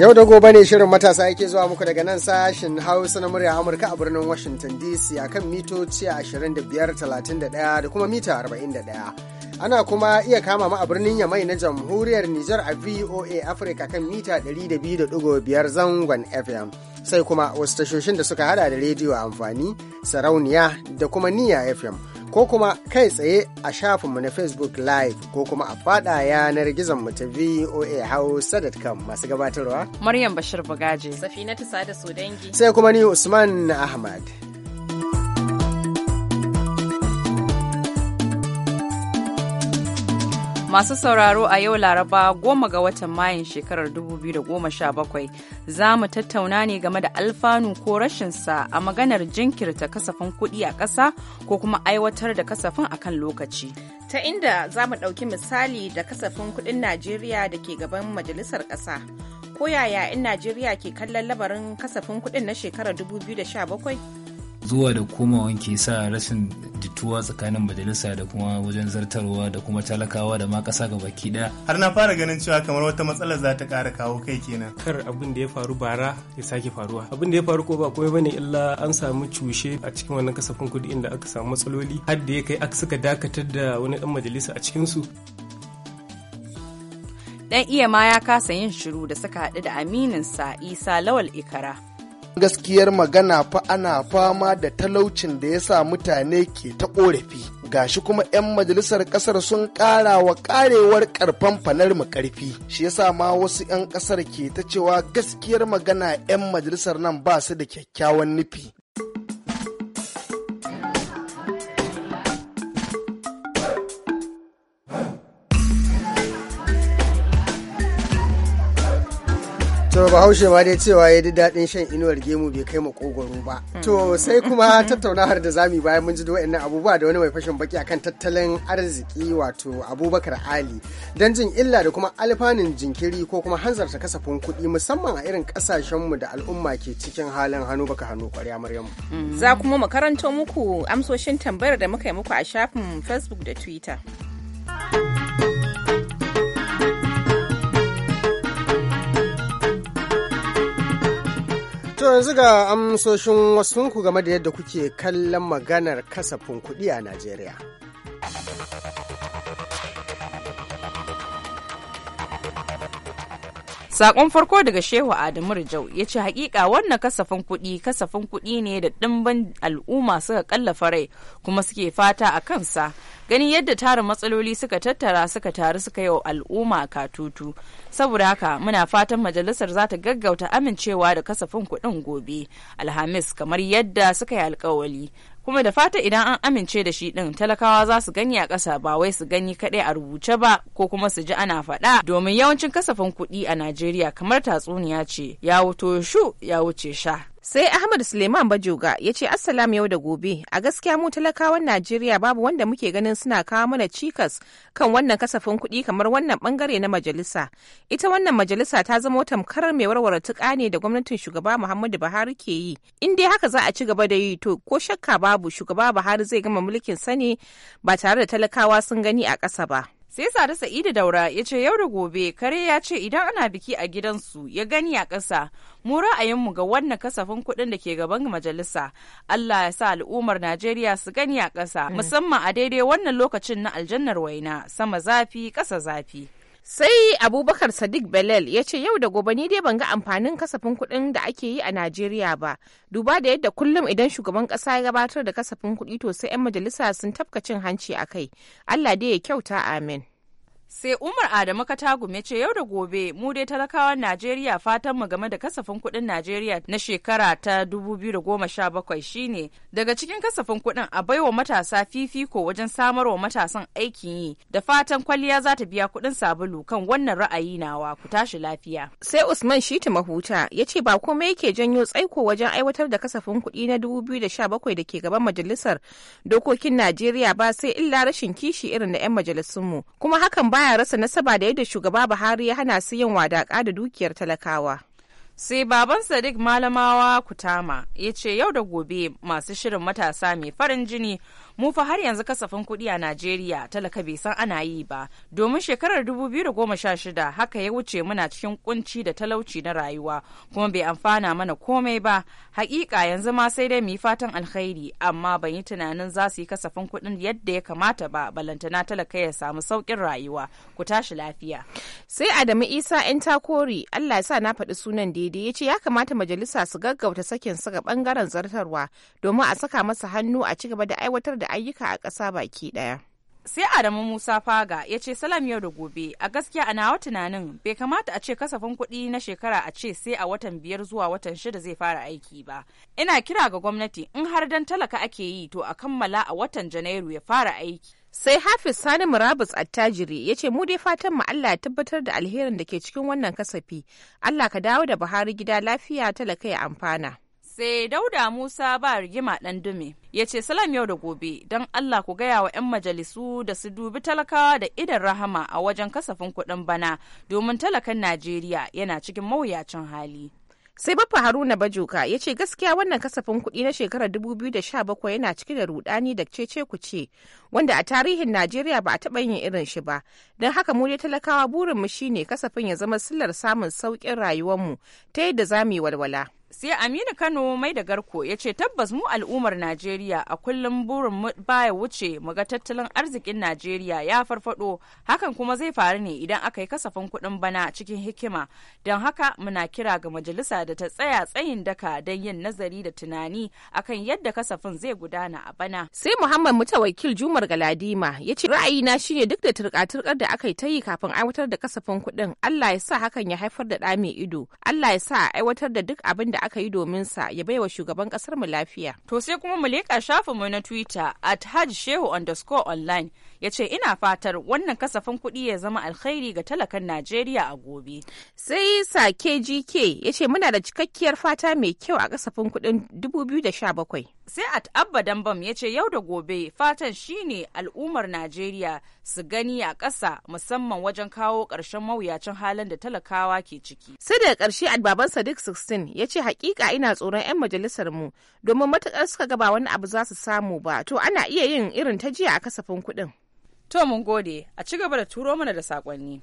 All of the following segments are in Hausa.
Yau da gobe ne shirin matasa yake zuwa muku daga nan sashen Hausa na murya Amurka a birnin Washington DC a kan mitoci 25.31 da kuma mita 41. ana kuma iya kama mu a birnin Yamai na jamhuriyar Nijar a VOA Africa kan mita 200.5 zangon FM. Sai kuma wasu tashoshin da suka hada da rediyo amfani, sarauniya da kuma niya FM. ko kuma kai tsaye a shafinmu na Facebook Live ko kuma a fada yanar gizon mu ta VOA Hausa.com masu gabatarwa. Maryam Bashir Bugaje. Safina Tusa da Sodangi. Sai kuma ni Usman Ahmad. Masu sauraro a yau Laraba goma ga watan Mayan shekarar 2017 za mu tattauna ne game da alfanu ko rashinsa a maganar jinkirta kasafin kuɗi a ƙasa ko kuma aiwatar da kasafin a kan lokaci. Ta inda za mu ɗauki misali da kasafin kuɗin Najeriya da ke gaban majalisar ƙasa. Ko yaya 'yan Najeriya ke kallon labarin kasafin kuɗin na shekarar 2017? zuwa da kuma wanke sa rashin jituwa tsakanin majalisa da kuma wajen zartarwa da kuma talakawa da ma kasa ga baki ɗaya. Har na fara ganin cewa kamar wata matsalar za ta ƙara kawo kai kenan. Kar abin da ya faru bara ya sake faruwa. Abin da ya faru ko ba komai bane illa an samu cushe a cikin wannan kasafin kuɗi inda aka samu matsaloli har da ya kai aka suka dakatar da wani ɗan majalisa a cikin su Dan iya ma ya kasa yin shiru da suka haɗu da aminin sa Isa Lawal Ikara. gaskiyar magana fa ana fama da talaucin da ya sa mutane ke ta ƙorafi gashi kuma 'yan majalisar kasar sun ƙara wa ƙarewar ƙarfan fanar mu ƙarfi shi yasa ma wasu 'yan ƙasar ke ta cewa gaskiyar magana 'yan majalisar nan ba su da kyakkyawan nufi to bahaushe ma dai cewa ya ji daɗin shan inuwar gemu bai kai mu makogwaro ba mm. to sai kuma tattaunawar da zamu bayan mun ji da wa'annan abubuwa da wani mai fashin baki akan tattalin arziki wato abubakar ali don jin illa da kuma alfanun jinkiri ko kuma hanzarta kasafin kuɗi musamman a irin mu da al'umma ke cikin halin hannu baka hannu ƙwarya maryam za kuma mu muku amsoshin tambayar da muka yi muku a shafin facebook da twitter yanzu ga amsoshin wasunku game da yadda kuke kallon maganar kasafin kuɗi a Najeriya. Sakon farko daga Shehu Adamu Rijau ya ce hakika wannan kasafin kuɗi kasafin kuɗi ne da ɗimbin al'umma suka kallafa rai kuma suke fata a kansa. gani yadda tara matsaloli suka tattara suka taru suka yi wa al'umma katutu. Saboda haka muna fatan majalisar za ta gaggauta amincewa da kasafin kuɗin gobe Alhamis kamar yadda suka yi alkawali. kuma da fata idan an amince da shi din talakawa za su gani a ƙasa ba wai su gani kaɗai a rubuce ba ko kuma su ji ana faɗa domin yawancin kasafin kuɗi a Najeriya kamar tatsuniya ce ya wuto shu ya wuce sha. sai ahmad suleiman bajoga ya ce assalam yau da gobe a gaskiya mu talakawan najeriya babu wanda muke ganin suna kawo mana cikas kan wannan kasafin kuɗi kamar wannan bangare na majalisa ita wannan majalisa ta zama tamkar mai warware tuƙa ne da gwamnatin shugaba muhammadu buhari ke yi in dai haka za a ci gaba da yi to ko shakka babu shugaba buhari zai gama mulkin sani ba tare da talakawa sun gani a ƙasa ba sai sadu sa'idu daura ya ce yau da gobe kare ya ce idan ana biki a gidansu ya gani a ƙasa mu ra'ayinmu ga wannan kasafin kuɗin da ke gaban majalisa allah ya sa al'ummar najeriya su gani a ƙasa hmm. musamman a daidai wannan lokacin na aljannar waina sama zafi kasa zafi sai abubakar sadiq belel ya ce yau da gobe ni dai ban ga amfanin kasafin kuɗin da ake yi a najeriya ba duba da yadda kullum idan shugaban ƙasa ya gabatar da kasafin kuɗi to sai 'yan majalisa sun tafka cin hanci a kai allah dai ya kyauta amin Sai Umar Adamu Katagume ce yau da gobe mu dai talakawan Najeriya fatan mu game da kasafin kudin Najeriya na shekara ta 2017 shine daga cikin kasafin kudin a baiwa matasa fifiko wajen samarwa matasan aikin yi da fatan kwalliya za ta biya kudin sabulu kan wannan ra'ayi nawa ku tashi lafiya. Sai Usman Shiti Mahuta ya ce ba komai yake janyo tsaiko wajen aiwatar da kasafin kudi na 2017 da ke gaban majalisar dokokin Najeriya ba sai illa rashin kishi irin na 'yan majalisunmu kuma hakan ba baya rasa nasaba da yadda shugaba Buhari ya hana su yin wadaƙa da dukiyar talakawa. sai baban sadiq malamawa kutama ya ce yau da gobe masu shirin matasa mai farin jini mu fa har yanzu kasafin kuɗi a najeriya talaka bai san ana yi ba domin shekarar 2016 haka ya wuce muna cikin kunci da talauci na rayuwa kuma bai amfana mana komai ba haƙiƙa yanzu ma sai dai mu yi fatan alkhairi amma ban yi tunanin za su yi kasafin kuɗin yadda ya kamata ba balantana talaka ya samu saukin rayuwa ku tashi lafiya sai adamu isa yan takori allah ya sa na faɗi sunan da Idi ya ce ya kamata majalisa su gaggauta sakin su ga bangaren zartarwa domin a saka masa hannu a ci gaba da aiwatar da ayyuka a ƙasa baki ɗaya. sai adamu musa faga ya ce salam yau da gobe a gaskiya ana nawa tunanin bai kamata a ce kasafin kuɗi na shekara a ce sai a watan biyar zuwa watan shida zai fara aiki ba ina kira ga gwamnati in har dan talaka ake yi to a kammala a watan janairu ya fara aiki sai hafiz sani murabus attajiri ya ce mu dai fatan mu allah ya tabbatar da alherin da ke cikin wannan kasafi allah ka dawo da buhari gida lafiya talaka ya amfana sai dauda musa ba rigima dan dume ya ce salam yau da gobe don allah ku gaya wa 'yan majalisu da su dubi talakawa da idan rahama a wajen kasafin kuɗin bana domin talakan najeriya yana cikin mawuyacin hali sai baffa haruna bajoka ya ce gaskiya wannan kasafin kuɗi na shekarar 2017 yana cike da rudani da cece kuce wanda a tarihin najeriya ba a taɓa yin irin shi ba don haka mu dai talakawa burinmu shine kasafin ya zama sillar samun sauƙin rayuwarmu ta yadda za mu yi walwala sai aminu kano mai da garko ya ce tabbas mu al'ummar najeriya a kullum burin mu baya wuce mu ga tattalin arzikin najeriya ya farfado hakan kuma zai faru ne idan aka yi kasafin kuɗin bana cikin hikima don haka muna kira ga majalisa da ta tsaya tsayin daka don yin nazari da tunani akan yadda kasafin zai gudana a bana sai muhammad mutawakil jumar galadima ya ce ra'ayina shine duk da turka-turkar da aka yi ta yi kafin aiwatar da kasafin kuɗin allah ya sa hakan ya haifar da ɗa ido allah ya sa aiwatar da duk abin da aka yi domin sa ya baiwa shugaban kasar mu lafiya. To sai kuma mu leƙa shafinmu na Twitter at Hajj Shehu underscore online ya ce ina fatar wannan kasafin kuɗi ya zama alkhairi ga talakan Najeriya a gobe. Sai sa kgk ya ce muna da cikakkiyar fata mai kyau a kasafin kuɗin 2017. Sai at Abba Dambam ya ce yau da gobe fatan shine al'ummar Najeriya su gani a ƙasa musamman wajen kawo ƙarshen mawuyacin halin da talakawa ke ciki. Sai daga ƙarshe baban Sadiq 16 ya ce hakika ina tsoron 'yan majalisar mu domin matuƙar suka gaba wani abu za su samu ba to ana iya yin irin ta jiya a kasafin kuɗin. To mun gode, a ci gaba da turo mana da saƙonni.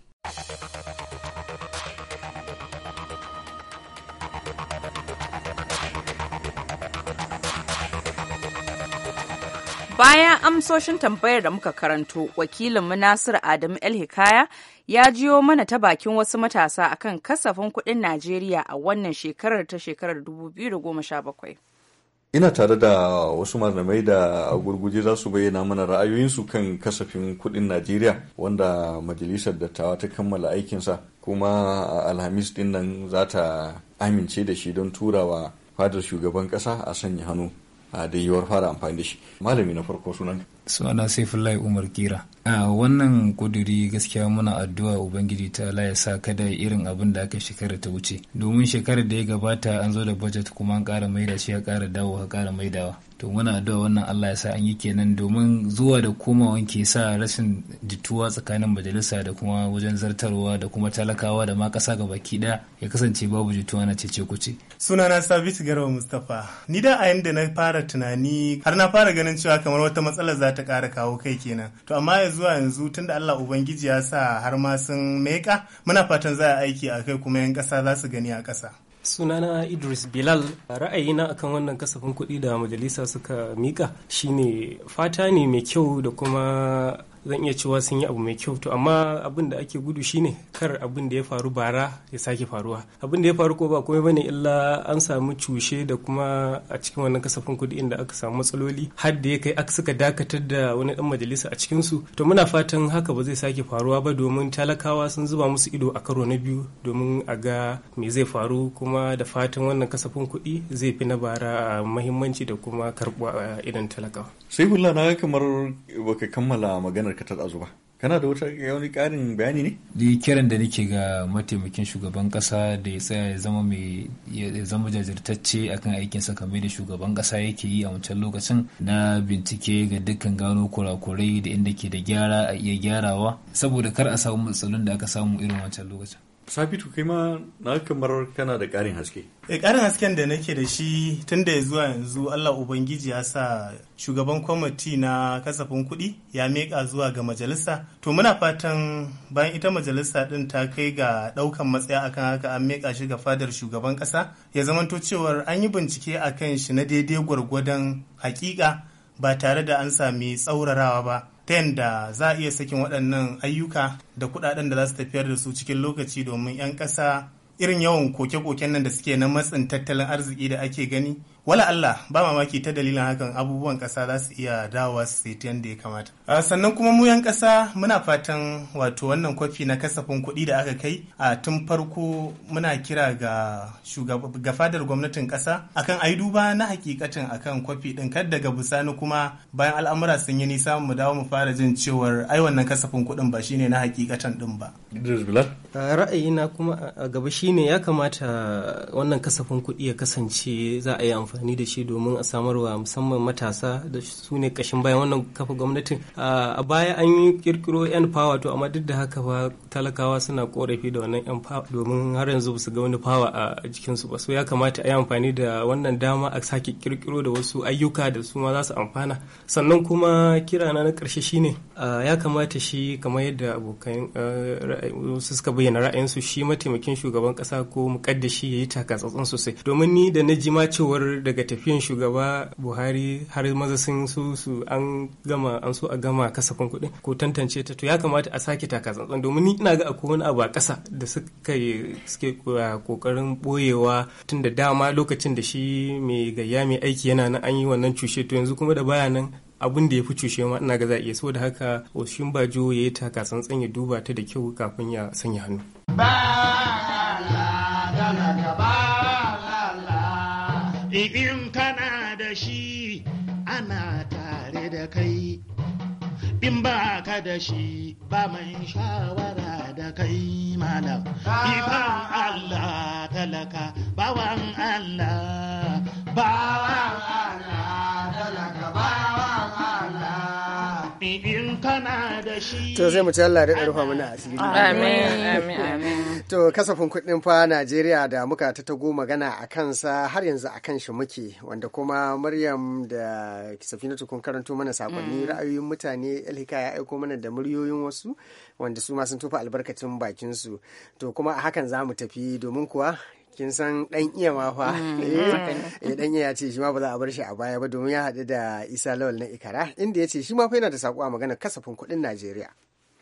Bayan amsoshin tambayar da muka karanto, wakilinmu Nasir Adamu El Hikaya ya jiyo mana ta bakin wasu matasa akan kasafin kuɗin Najeriya a wannan shekarar ta shekarar 2017. ina tare da wasu malamai da a gurguje za su bayyana mana ra'ayoyinsu kan kasafin kudin najeriya wanda majalisar dattawa ta kammala aikinsa kuma alhamis din nan za ta amince da shi don turawa fadar shugaban kasa a sanya hannu a da yiwuwar fara amfani da shi malami na farko sunan suna saifullahi umar kira a wannan kuduri gaskiya muna addu'a ubangiji ta ya sa kada irin abin da aka shekara ta wuce domin shekarar da ya gabata an zo da budget kuma an ƙara maida shi ya kara dawo ka ƙara maidawa to muna addu'a wannan Allah ya sa an yi kenan domin zuwa da komawan ke sa rashin jituwa tsakanin majalisa da kuma wajen zartarwa da kuma talakawa da ma kasa ga baki ɗaya ya kasance babu jituwa na cece kuce sunana Sabitu Garba Mustapha ni da a yanda na fara tunani har na fara ganin cewa kamar wata matsala za ta ƙara kawo kai kenan to amma ya zuwa yanzu tunda Allah ubangiji ya sa har ma sun meka muna fatan za a aiki a kai kuma yan ƙasa za su gani a ƙasa sunana idris bilal ra'ayina akan wannan kasafin kuɗi da majalisa suka mika shine fata ne mai kyau da kuma zan iya cewa sun yi abu mai kyau to amma abin da ake gudu shine kar abin da ya faru bara ya sake faruwa abin da ya faru ko ba komai bane illa an samu cushe da kuma a cikin wannan kasafin kuɗi inda aka samu matsaloli har da ya kai aka suka dakatar da wani dan majalisa a cikin su to muna fatan haka ba zai sake faruwa ba domin talakawa sun zuba musu ido a karo na biyu domin a ga me zai faru kuma da fatan wannan kasafin kuɗi zai fi na bara muhimmanci da kuma karɓuwa a idan talakawa sai hula na kamar baka kammala maganar ka ta ɗazu ba kana da wata wani ƙarin bayani ne ni kiran da nake ga mataimakin shugaban kasa da ya tsaya ya zama mai ya zama jajirtacce akan aikin sa kamar da shugaban ƙasa yake yi a wancan lokacin na bincike ga dukkan gano kurakurai da inda ke da gyara a iya gyarawa saboda kar a samu matsalolin da aka samu irin wancan lokacin sabitu kai ma na kamar kana da ƙarin haske e ƙarin hasken da nake da shi tun da zuwa yanzu allah ubangiji ya sa shugaban kwamiti na kasafin kuɗi ya meƙa zuwa ga majalisa to muna fatan bayan ita majalisa ɗin ta kai ga ɗaukan matsaya akan haka an meka shi ga fadar shugaban ƙasa ya zamanto cewar an yi bincike akan shi na daidai gwargwadon haƙiƙa ba tare da an sami tsaurarawa ba ta yadda za a iya sakin waɗannan ayyuka da kuɗaɗen da za su tafiyar da su cikin lokaci domin 'yan ƙasa irin yawan koke-koken nan da suke na matsin tattalin arziki da ake gani wala Allah ba mamaki ta dalilin hakan abubuwan kasa za su iya dawowa su ta yadda ya kamata. Sannan kuma mu yan kasa muna fatan wato wannan kwafi na kasafin kuɗi da aka kai a tun farko muna kira ga shugaba fadar gwamnatin kasa akan ayi duba na hakikatin akan kwafi ɗin kar daga bisani kuma bayan al'amura sun yi nisa mu dawo mu fara jin cewar ai wannan kasafin kuɗin ba shine na hakikatan din ba. Ra'ayina kuma a gaba shine ya kamata wannan kasafin kuɗi ya kasance za a yi amfani amfani da shi domin a samarwa musamman matasa da su ne kashin bayan wannan kafa gwamnatin a baya an yi kirkiro yan fawa to amma duk da haka ba talakawa suna korafi da wannan yan fawa domin har yanzu ba su ga wani fawa a jikinsu ba so ya kamata a yi amfani da wannan dama a sake kirkiro da wasu ayyuka da su ma za su amfana sannan kuma kirana na karshe shine ya kamata shi kamar yadda abokan su suka bayyana ra'ayinsu shi mataimakin shugaban kasa ko mukaddashi ya yi tsatsen sosai domin ni da na ji ma cewar daga tafiyan shugaba buhari har maza sun su su an gama an so a gama kasafin kuɗin ko tantance ta to ya kamata a sake taka tsantsan domin ni ina ga akwai wani abu a ƙasa da suka suke kokarin ah, boyewa tun da dama lokacin da shi mai gayya mai aiki yana nan an yi wannan cushe to yanzu kuma da baya nan abin da ya fi cushe ma ina ga za iya saboda haka oshin bajo ya yi taka tsantsan ya duba ta da kyau kafin ya sanya hannu. Ba in kana da shi ana tare da kai in ba ka da shi ba mai shawara da kai malam ifan Allah talaka bawan Allah bawan Allah kana da shi to sai mu ci Allah da rufa mana asiri amin amin amin to kasafin kuɗin fa Najeriya da muka ta tago magana a kansa har yanzu a kan shi muke wanda kuma Maryam da Safinatu kun karanto mana sakonni mm. ra'ayoyin mutane Elhika ya aiko mana da muryoyin wasu wanda su ma sun tofa albarkacin bakin su to kuma a hakan za mu tafi domin kuwa kin san dan iya ma fa mm, eh dan eh, iya ce shi ma ba za a bar shi a baya ba domin ya haɗu da Isa Lawal na Ikara inda ya ce shi ma fa yana da sako a magana kasafin kuɗin Najeriya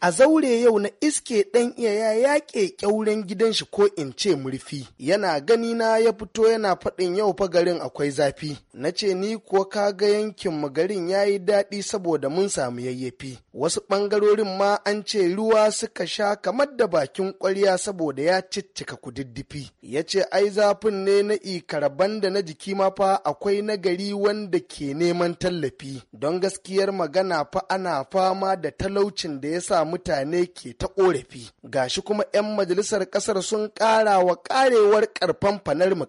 a zaure yau na iske ɗan iya ya yaƙe ƙyauren gidan shi ko in ce murfi yana gani na ya fito yana faɗin yau fa garin akwai zafi na ce ni kuwa ka ga yankin mu garin ya yi daɗi saboda mun samu yayyafi wasu ɓangarorin ma an ce ruwa suka sha kamar da bakin ƙwarya saboda ya ciccika kududdufi ya ce ai zafin ne na ikaraban da na jiki ma fa akwai nagari wanda ke neman tallafi don gaskiyar magana fa ana fama da talaucin da ya samu mutane ke ta korafi gashi kuma 'yan majalisar kasar sun kara wa karewar karfan fanar mu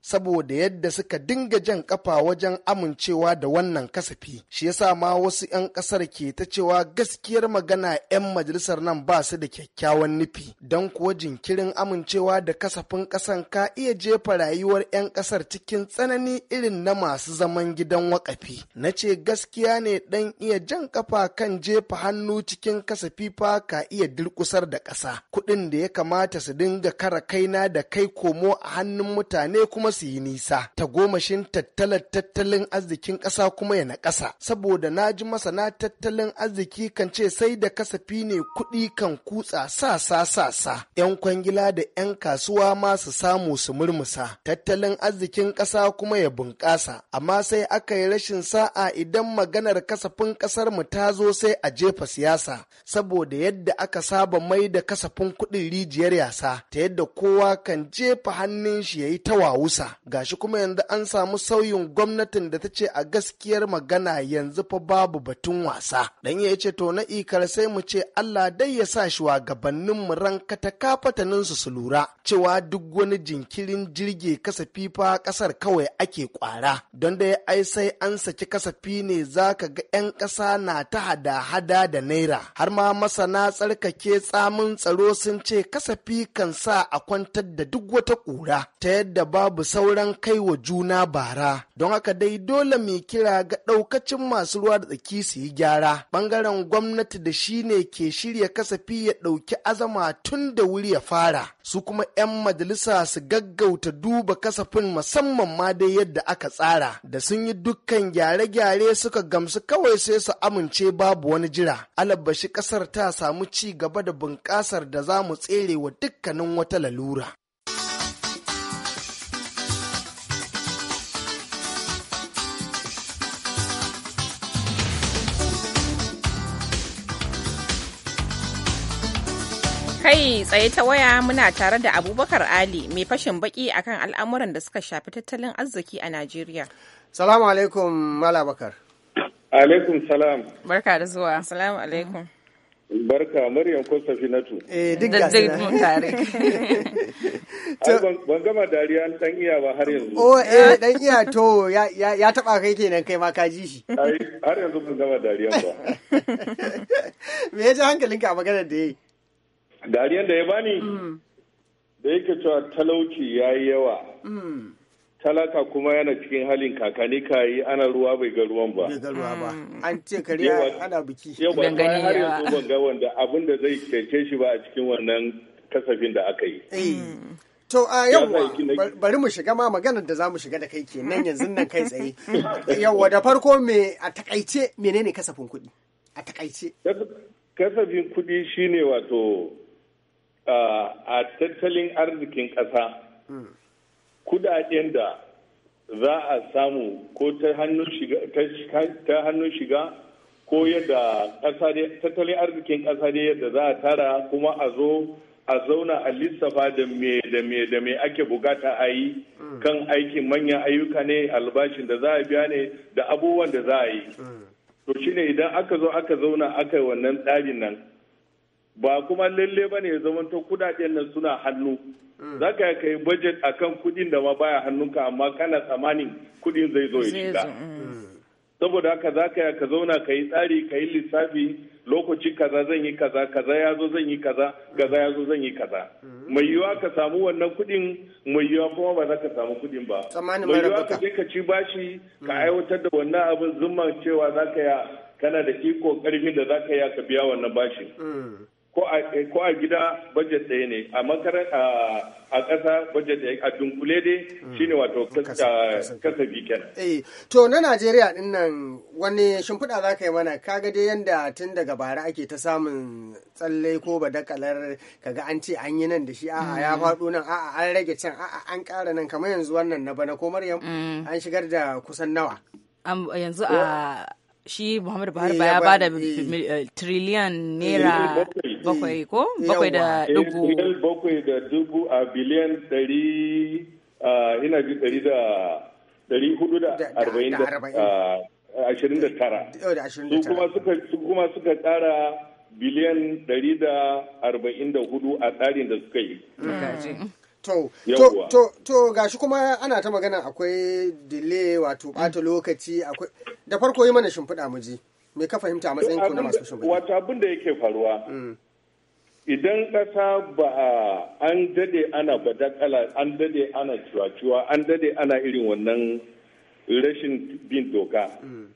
saboda yadda suka dinga jan kafa wajen amincewa da wannan kasafi shi yasa ma wasu 'yan kasar ke ta cewa gaskiyar magana 'yan majalisar nan ba su da kyakkyawan nufi don kuwa jinkirin amincewa da kasafin kasan ka iya jefa rayuwar 'yan kasar cikin tsanani irin na masu zaman gidan wakafi na ce gaskiya ne dan iya jan kafa kan jefa hannu cikin kasa su fifa ka iya durkusar da ƙasa kuɗin da ya kamata su dinga kara kaina da kai komo a hannun mutane kuma su yi nisa ta shin tattalar tattalin arzikin ƙasa kuma ya na ƙasa saboda na ji masana tattalin arziki kan ce sai da kasafi ne kuɗi kan kutsa sa sa sa sa 'yan kwangila da 'yan kasuwa ma su samu su murmusa tattalin arzikin ƙasa kuma ya bunƙasa amma sai aka yi rashin sa'a idan maganar kasafin ƙasar mu ta zo sai a jefa siyasa saboda yadda aka saba mai da kasafin kuɗin rijiyar yasa ta yadda kowa kan jefa hannun shi yayi ta wawusa shi kuma yanzu an samu sauyin gwamnatin da ta ce a gaskiyar magana yanzu fa babu batun wasa dan ya ce to na ikar sai mu ce Allah dai ya sa shi gabannin mu rankata kafatanin su su lura cewa duk wani jinkirin jirge kasafi fa kasar kawai ake kwara don da ai sai an saki kasafi ne zaka ga 'yan ƙasa na ta hada-hada da naira har ma masana tsarkake tsamin tsaro sun ce kasafi kan sa a kwantar da duk wata ƙura ta yadda babu sauran kai wa juna bara don haka dai dole mai kira ga ɗaukacin masu ruwa da tsaki su yi gyara Bangaren gwamnati da shi ne ke shirya kasafi ya ɗauki azama tun da wuri ya fara su kuma 'yan majalisa su gaggauta duba kasafin musamman ma dai yadda aka tsara da sun yi dukkan gyare-gyare suka gamsu kawai sai su amince babu wani jira alabashi ƙasar ƙasar ta samu ci gaba da bunƙasar da za mu tsere wa dukkanin wata lalura. kai tsaye ta waya muna tare da abubakar ali mai fashin baki akan al'amuran da suka shafi tattalin arziki a najeriya salamu alaikum malabakar alaikum salam barka da zuwa salamu alaikum Barka Maryam ko Safinatu. Eh duk ga sai mun tare. Ban gama dariya dan iya ba har yanzu. Oh eh dan iya to ya ya taba kai kenan kai ma ka ji shi. Har yanzu ban gama dariya ba. Me ya ji hankalinka a maganar da yayi? dariyan da ya bani? Mm. Da yake cewa talauci yayi yawa. Mm. talaka kuma yana cikin halin kakani kayi ana ruwa bai ga ruwan ba. ba. Mm. An ce kariya ana biki. Yau ba har yanzu ban ga wanda abin da zai cece shi ba a cikin wannan kasafin da aka yi. Eh. Mm. To a yawwa bari mu shiga ma maganar da za mu shiga da kai kenan yanzu nan kai tsaye. Yawwa da farko me a takaice menene kasafin kuɗi? A takaice. Kasafin kuɗi shine wato a tattalin arzikin ƙasa. Mm. kudaden da za a samu ko ta hannun shiga ko yadda tattalin arzikin kasa dai yadda za a tara kuma a zo a zauna a lissafa da me da me da me ake bukata a yi mm. kan aikin manyan ayyuka ne albashin da za a biya ne da abubuwan da za a yi mm. to shine idan aka zo aka zauna aka yi wannan tsarin nan ba kuma lalle ba ne zamanto kudaden nan suna hannu Mm. za ka kai budget akan kudin da ma baya hannunka amma kana tsamanin kudin zai zo ya shiga mm. Mm. saboda haka za ka ka zauna ka yi tsari ka yi lissafi lokaci kaza zan yi kaza kaza ya zo zan yi kaza kaza ya zo zan yi kaza mai yiwuwa ka samu wannan kudin mai yiwuwa kuma ba za ka samu kudin ba mai yiwuwa ka je ka ci bashi ka aiwatar da wannan abin zumman cewa za ka ya kana da iko karfin da za ka ya ka biya wannan bashi Eh, ko a gida budget ɗaya ne a makaranta a ƙasa budget ɗaya a dunkule dai hmm. shine wato eh, kasafi kenan. Eh, to na Najeriya din nan wani shimfiɗa za ka yi mana kaga dai yanda tun daga bara ake ta samun tsalle ko badakalar kaga an ce an yi nan da shi a'a ya hmm. faɗo nan a'a an rage can a'a an ƙara nan kamar yanzu wannan na bana ko Maryam hmm. an shigar da kusan nawa. yanzu a shi Muhammadu Buhari eh, ba ya ba da triliyan naira eh, bakwai ko? Eh, bakwai da dubu. Bakwai da dubu a biliyan dari ina ji dari da dari hudu da arba'in da ashirin da tara. Su kuma suka tsara biliyan dari da arba'in da hudu a tsarin da suka yi. Mm. To, to, to, to gashi kuma ana ta magana akwai delay wato ɓata lokaci akwai da farko yi mana shimfiɗa mu ji me ka fahimta matsayin ku na masu shimfiɗa wato abin da yake faruwa mm. idan ƙasa ba an dade ana badakala an dade ana ciwa an dade ana irin wannan rashin bin doka mm.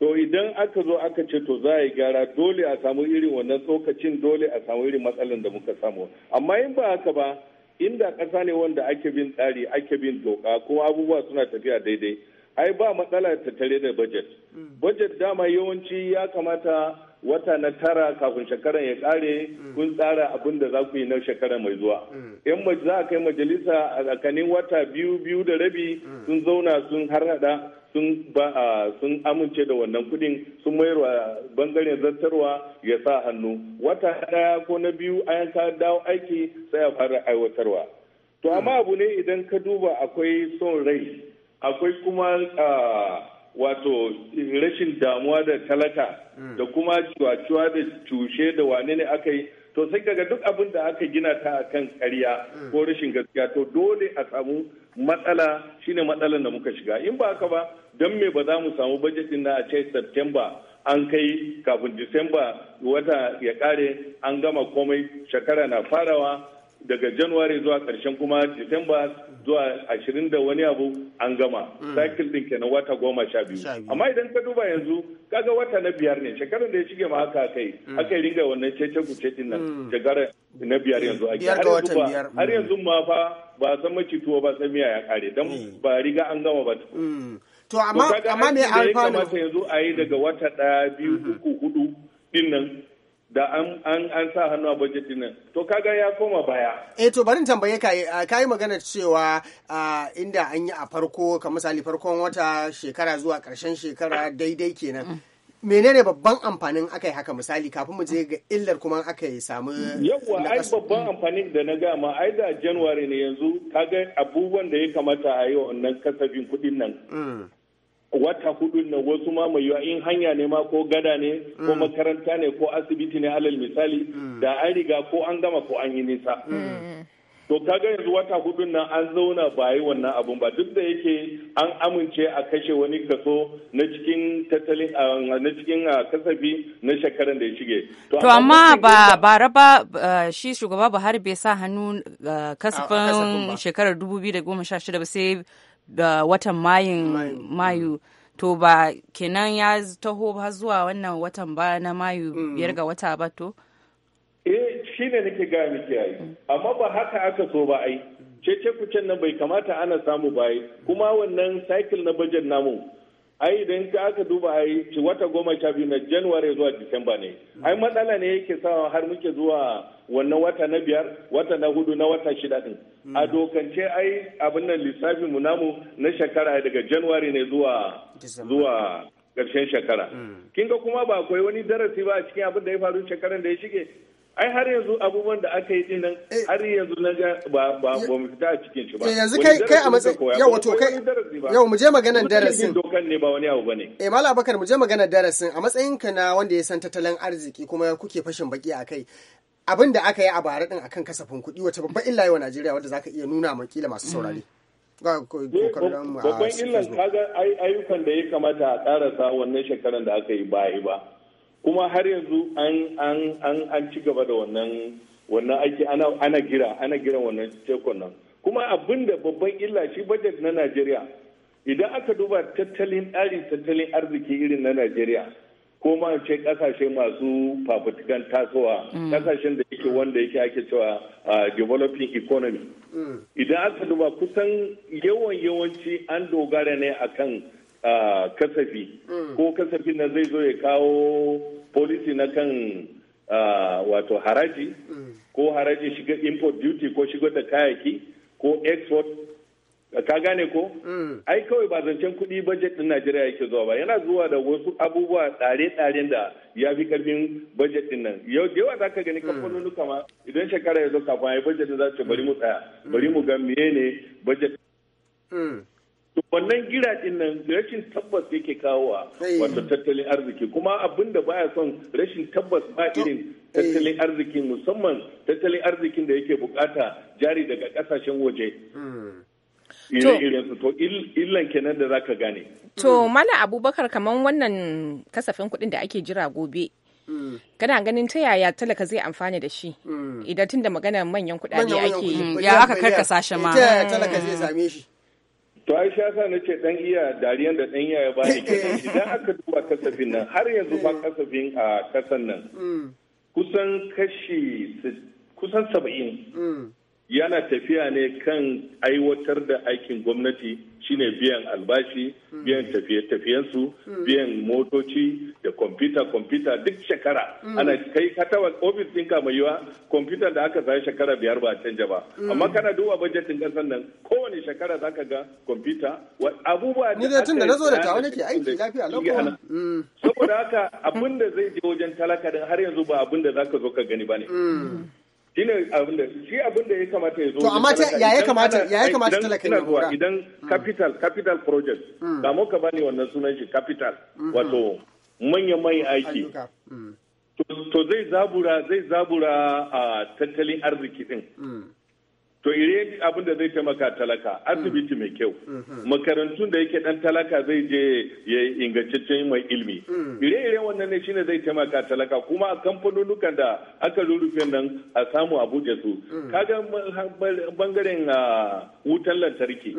to idan aka zo aka ce to za a yi gyara dole a samu irin wannan tsokacin dole a samu irin matsalan da muka samu amma in ba haka ba inda ƙasa ne wanda ake bin tsari ake bin doka kuma abubuwa suna tafiya daidai ai ba matsala ta tare da budget mm. budget dama yawanci ya kamata wata na tara kafin shekaran ya kare mm. kun tsara abin da za ku yi na shekara mai zuwa yan mm. za a kai majalisa a tsakanin wata biyu biyu da rabi sun zauna sun harhaɗa sun amince da wannan kudin sun mayar wa bangaren zartarwa ya sa hannu wata daya ko na biyu an ka dawo aiki sai a fara aiwatarwa to amma abu ne idan ka duba akwai son rai akwai kuma wato rashin damuwa da talaka mm. da kuma cuwa da cushe da wane ne aka yi to sai kaga duk abin da aka gina ta akan karya mm. ko rashin gaskiya to dole a samu matsala shine matsalan da muka shiga in ba haka ba don me ba za mu samu bajetin na a ce september an kai kafin december wata ya kare an gama komai shekara na farawa daga january zuwa karshen kuma december zuwa ashirin da wani abu an gama mm. cycle din kenan wata goma sha biyu amma idan ka duba yanzu kaga wata na biyar ne shekarar da ya shige ma haka kai aka yi mm. ringa wannan cece kuce din nan mm. shekarar na biyar yanzu a har yanzu ma fa ba san maci tuwo ba san miya ya kare dan ba riga an gama ba to amma amma me alfanu yanzu a yi daga wata daya biyu mm-hmm. uku hudu din nan da an sa hannu a budget nan to kaga ya koma baya eh to barin tambaye ka eh, kai magana cewa inda an yi a farko ka misali farkon wata shekara zuwa karshen shekara daidai kenan menene babban amfanin aka yi haka misali kafin mu je ga illar kuma aka yi samu yawa ai babban mm. amfanin da na gama ai da january ne yanzu kaga abubuwan da ya kamata a yi wannan kasafin kudin nan mm. wata hudun na wasu ma mai in hanya ne ma ko gada ne ko mm. makaranta ne ko asibiti ne alal misali mm. da an riga ko an gama ko an yi nisa mm. to kaga yanzu wata hudun nan an zauna ba yi wannan abun ba duk da yake an amince a kashe wani kaso na cikin tattalin ah, na cikin ah, kasafi na shekaran da ya shige to amma ba bara ba ah, shi shugaba Buhari bai sa hannu kasafin shekarar 2016 ba sai ga watan mayin mayu mm. to ba kenan ya taho har zuwa wannan watan ba na mayu mm. biyar ga wata ba to eh shi ne nake gaya miki yayi mm. amma ba haka aka so ba ai cece kucen nan bai kamata ana samu bai kuma wannan cycle na bajin namu ai idan ka aka duba ai wata goma sha biyu na january zuwa december ne ai matsala ne yake sa har muke zuwa wannan wata na biyar wata na hudu na wata shida din a hmm. dokance ai abin nan lissafin mu namu na shekara daga january ne zuwa zuwa karshen shekara hmm. kin ga kuma ba akwai wani darasi ba a cikin abin da ya faru shekaran da ya shige ai har yanzu abubuwan da aka yi din nan eh. har yanzu na ga ba ba ba mu fita a cikin shi ba eh, yanzu kai kai a matsayin yau wato kai yau mu je maganar darasin dokan ne ba wani abu bane eh mallam abakar mu je maganar darasin a matsayin ka na wanda ya san tattalin arziki kuma kuke fashin baki akai abin da aka yi a bara din akan kasafin kuɗi wata babban illa yi wa Najeriya wanda zaka iya nuna ma kila masu saurare mm. eh, babban illan kaga ayyukan da ya kamata a karasa wannan shekaran da aka yi ba ba kuma har yanzu an ci gaba da wannan wannan aiki ana gira ana gira wannan tekon nan kuma abin da babban illa shi budget na Najeriya idan aka duba tattalin ɗari tattalin arziki irin na Najeriya ko ma ce kasashe masu fafutukan tasowa kasashen mm. da yake wanda yake ake cewa developing economy mm. idan aka duba kusan yawan yawanci an dogara ne akan kasafi mm. ko kasafin na zai zo ya kawo policy na kan wato haraji mm. ko haraji shiga import duty ko shiga da kayaki ko export ka gane ko mm. ai kawai ba zancen kuɗi budget ɗin najeriya yake zuwa ba yana zuwa da wasu abubuwa tsare-tsaren da ya fi karfin bajet din nan yau da yawa za ka gani kamfanoni kama idan shekara ya zo kafin ya bajet za ta bari mu tsaya bari mu ga menene budget. wannan gidajen nan rashin tabbas yake kawo a wato tattalin arziki kuma abin da baya son rashin tabbas ba irin tattalin arziki musamman tattalin arzikin da yake bukata jari daga kasashen waje hmm. to illan kenan da zaka gane to hmm. mana abubakar kaman wannan kasafin kuɗin da ake jira gobe hmm. kana ganin ta yaya talaka zai amfani da shi idan tun da maganar manyan kuɗaɗe ake ya aka karkasa shi ma talaka zai same shi To ai sa na ce dan iya dariyan da dan iya ya bani eh, kenan eh. idan aka duba kasafin nan har yanzu ba eh. kasafin a kasan nan mm. kusan kashi kusan saba'in mm. yana tafiya ne kan aiwatar da aikin gwamnati shine biyan albashi hmm. biyan tafiye-tafiyensu hmm. biyan motoci da kwamfuta kwamfuta duk shekara hmm. ana kai katawa ofis din mai yiwa kwamfuta da aka zai shekara biyar ba canja ba amma kana duba bajetin ƙasar nan kowane shekara za ka ga kwamfuta abubuwa ni da tun da na zo da tawa nake aiki lafiya lokacin saboda haka abin da zai je wajen talaka din har yanzu ba abin da za ka zo ka gani ba ne shine abin da shi abin da ya kamata ya zo to amma ya ya kamata ya ya kamata talakan ne hura idan mm. capital capital project da mm. mu ka bani wannan sunan shi capital wato manyan mai aiki mm. to zai zabura zai zabura a ah, tattalin arziki din to ire abin da zai taimaka talaka asibiti mai kyau makarantun da yake dan talaka zai je ya ingantaccen mai ilmi ire ire wannan ne shine zai taimaka talaka kuma a kamfanonukan da aka rurrufe nan a samu a buɗe su kaga bangaren ah, wutan lantarki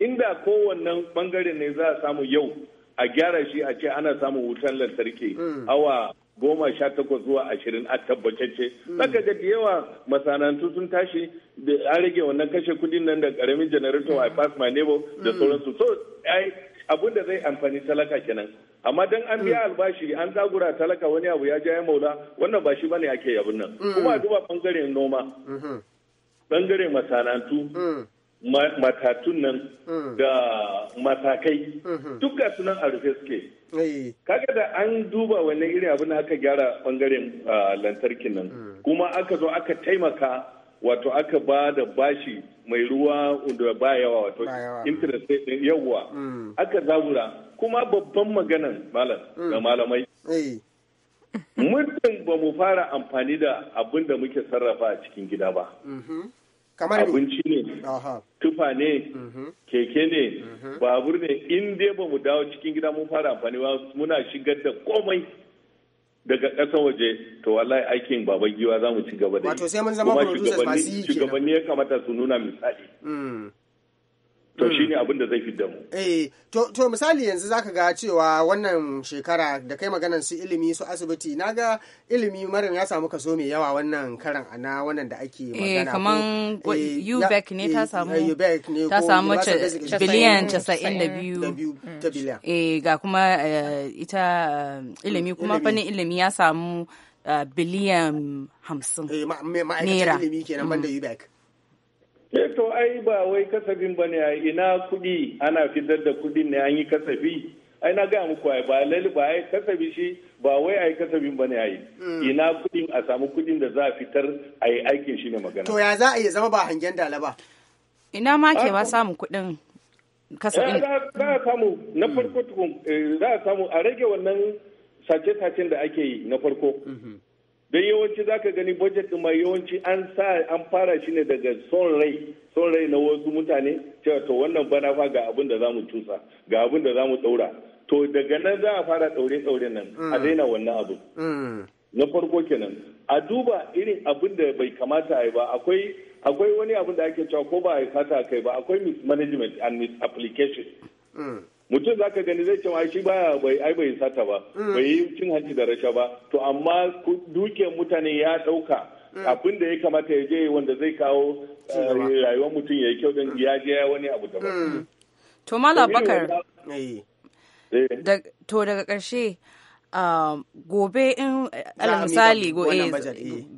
inda kowannen bangaren ne za a samu yau a gyara shi a ce ana samun wutan lantarki awa goma sha takwas zuwa ashirin a tabbatacce saka hmm. da yawa masana'antu sun tashi da an rage wannan kashe kudin nan da karamin generator i pass my neighbor da hmm. sauransu so ai abun da zai amfani talaka kenan amma dan an biya hmm. albashi an zagura talaka wani abu ya ja ya maula wannan ba shi bane ake yabin nan kuma duba bangaren noma bangaren masana'antu matatun nan mm. da matakai mm-hmm. duk sunan a rufe suke kaga da an duba wani irin abin da aka gyara bangaren lantarkin nan mm. kuma aka zo aka taimaka wato aka ba da bashi mai ruwa da ba yawa wato interest ɗin yawwa mm. aka zabura kuma babban maganan malam da malamai muddin ba mu fara amfani da abin da muke sarrafa a cikin gida ba mm-hmm. kamar abinci ne tufa ne mhm. keke ne mhm. babur ne in dai ba mu dawo cikin gida mun fara amfani ba muna shigar da komai daga ƙasar waje to wallahi aikin baba giwa za mu ci gaba da yi wato sai mun zama producers masu yi kenan ya kamata su nuna misali mm. to mm. shi ne abin da zai fidda mu. Eh, to misali yanzu zaka ga cewa wannan shekara da kai maganan su ilimi su asibiti na ga ilimi marin ya samu kaso mai yawa wannan karan ana wannan da ake eh, magana. Eh, kaman UBEC ne ta eh, samu eh, UBEC ne ta samu biliyan 92 ta biliyan. Mm. Eh, ga kuma ita ilimi mm, kuma fannin ilimi ya samu biliyan 50 naira. Ma'aikacin ilimi kenan banda UBEC. Eh to ai ba wai kasafin bane a ina kuɗi ana fitar da kuɗin ne an yi kasafi. Ai na gaya muku ba lalle ba ai kasafi shi ba wai ai kasafin bane ai. Hmm. Ina kuɗin a samu kuɗin da za a fitar ai aikin shi ne magana. To ya za a iya zama ba hangen dala ba. Ina ma ke ba ah, samun kuɗin kasafin. Eh, za a samu na farko tukun eh, za a samu a rage wannan sace-sacen da ake yi na farko. Mm-hmm. don yawanci zaka gani budget ma yawanci an sa an fara shi ne daga son rai son rai na wasu mutane cewa to wannan bana fa ga abin da zamu tusa ga abin da zamu daura to daga nan za a fara daure daure nan a mm. daina wannan abu mm. na farko kenan a duba irin abin da bai kamata a yi ba akwai akwai wani abin da ake cewa ko ba a yi fata kai ba akwai mismanagement and misapplication mm. mutum zaka gani zai ce ma shi baya bai ai bai sata ba mm. bai yi cin hanci da rasha ba to amma duke mutane ya dauka mm. abin da ya kamata ya je wanda zai kawo eh, rayuwar mutum ya yi kyau don ya je wani abu daban mm. to mala bakar eh. eh. to daga karshe. Um, gobe in alal misali eh,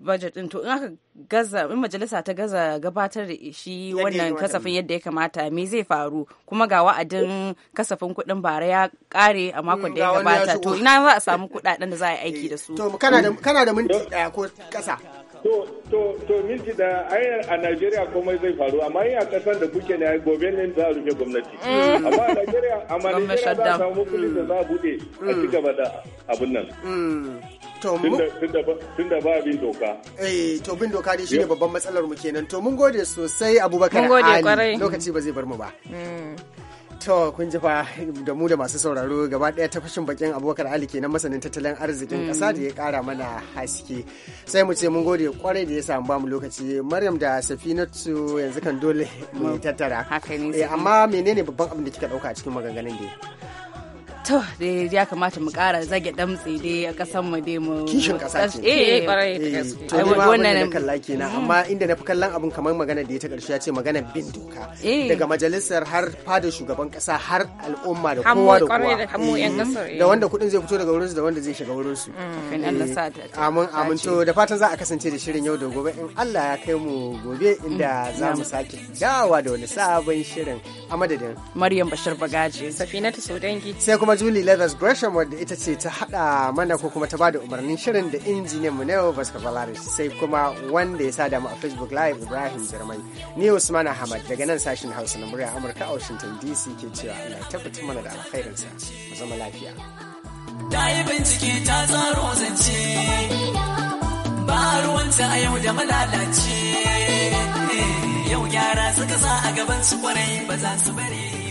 budget din to in aka gaza in majalisa ta gaza gabatar da shi wannan kasafin yadda ya kamata me zai faru kuma ga wa'adin kasafin kuɗin bara ya kare a makon mm, da ya gabata to ina za a samu kuɗaɗen da za a yi aiki eh, da su to kana da minti eh, ko kasa to to minti da ai a Najeriya komai zai faru amma yin a kasan da kuke ne gobe ne za a rufe gwamnati mm. amma a Najeriya amma Najeriya za a samu kuɗi da za a bude a mm. ci gaba da abun nan mm. tunda ba bin doka eh to bin doka dai shine babban matsalar mu kenan to mun gode sosai Abubakar Ali lokaci ba zai bar mu ba To kun ji fa da mu da masu sauraro gaba ɗaya ta fashin bakin abokar Ali kenan masanin tattalin arzikin kasa mm. da ya kara mana haske. Sai mu ce mun gode kwarai da ya samu bamu lokaci Maryam da Safinatu yanzu kan dole mu tattara. Eh, amma menene babban abin da kika ɗauka a cikin maganganun da to da ya kamata mu kara zage damtse dai a kasan mu dai mu kishin kasa ce eh kwarai eh, da eh, gaske to ma wannan kalla kenan mm. amma inda na fi kallon abin kamar magana da ya ta karshe ya ce magana bin doka eh. daga majalisar har fada shugaban kasa har al'umma da kowa da kowa da wanda kudin zai fito daga wurin su da wanda zai shiga wurin su mm, amin amin to da fatan za a kasance da shirin yau da gobe in Allah ya kai mu gobe inda mm. za mu sake dawa da wani sabon shirin a madadin Maryam Bashir Bagaji Safinatu Sodangi sai kuma kuma Julie Leathers Gresham wadda ita ce ta haɗa mana ko kuma ta bada umarnin shirin da injiniyan mu Neo Vasco sai kuma wanda ya sada mu a Facebook Live Ibrahim Jarmai. Ni Usman Ahmad daga nan sashin Hausa na murya Amurka a Washington DC ke cewa Allah ya tabbata mana da alkhairinsa. Mu zama lafiya. Ta bincike ta tsaro zance ba ruwanta a yau da malalace yau gyara suka sa a gaban su kwarai ba za su bari.